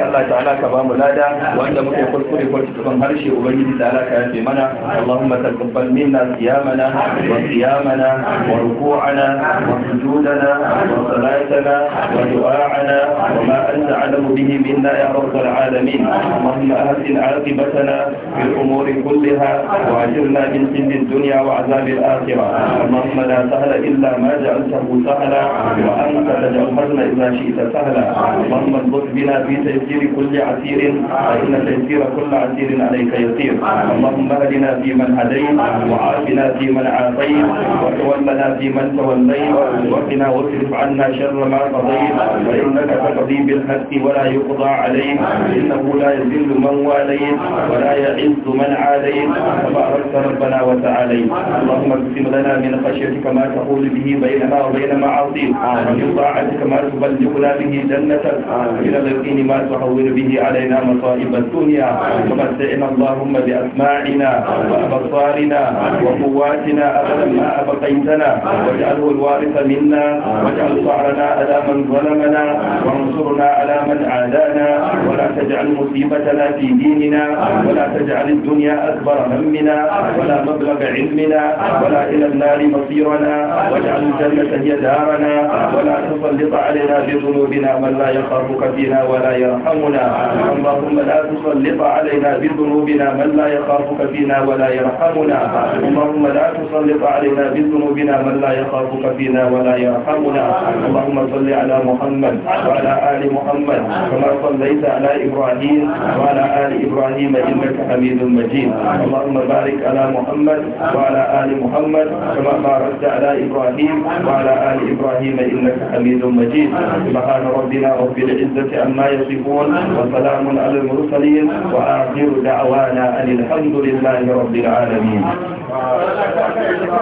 Allah ta'ala ka ba mu lada wanda muke kurkure ko cikin harshe ubangiji ta'ala ka yafe mana Allahumma taqabbal minna siyamana wa siyamana wa ruku'ana wa sujudana wa salatana wa du'a'ana wa ma anta alamu bihi minna ya rabbal alamin Allahumma ahsin aqibatana fil umuri kullaha wa ajirna min sindi dunya wa azab al الآخرة اللهم لا سهل إلا ما جعلته سهلا وأن أمرنا إذا شئت سهلا اللهم ارزق بنا في تيسير كل عسير فإن تيسير كل عسير عليك يسير اللهم اهدنا فيمن هديت وعافنا فيمن عافيت وتولنا فيمن توليت وقنا واصرف عنا شر ما قضيت فإنك تقضي بالحق ولا يقضى عليك إنه لا يذل من واليت ولا يعز من عاديت تباركت ربنا وتعاليت اللهم اقسم لنا من خشيتك ما تقول به بيننا وبين معاصيك ومن طاعتك ما تبلغنا به جنة من اليقين ما تحول به علينا مصائب الدنيا ومتعنا اللهم بأسماعنا وأبصارنا وقواتنا أبدا ما أبقيتنا واجعله الوارث منا واجعل صعرنا على من ظلمنا وانصرنا على من عادانا ولا تجعل مصيبتنا في ديننا ولا تجعل الدنيا أكبر همنا ولا مبلغ علمنا ولا إلى النار مصيرنا واجعل الجنة هي دارنا ولا تسلط تسلط علينا بذنوبنا من لا يخافك فينا ولا يرحمنا اللهم لا تسلط علينا بذنوبنا من لا يخافك فينا ولا يرحمنا اللهم لا تسلط علينا بذنوبنا من لا يخافك فينا ولا يرحمنا اللهم صل على محمد وعلى آل محمد كما صليت على إبراهيم وعلى آل إبراهيم إنك حميد مجيد اللهم بارك على محمد وعلى آل محمد كما باركت على إبراهيم وعلى آل إبراهيم إنك حميد مجيد المجيد سبحان ربنا رب العزة عما يصفون وسلام على المرسلين وآخر دعوانا أن الحمد لله رب العالمين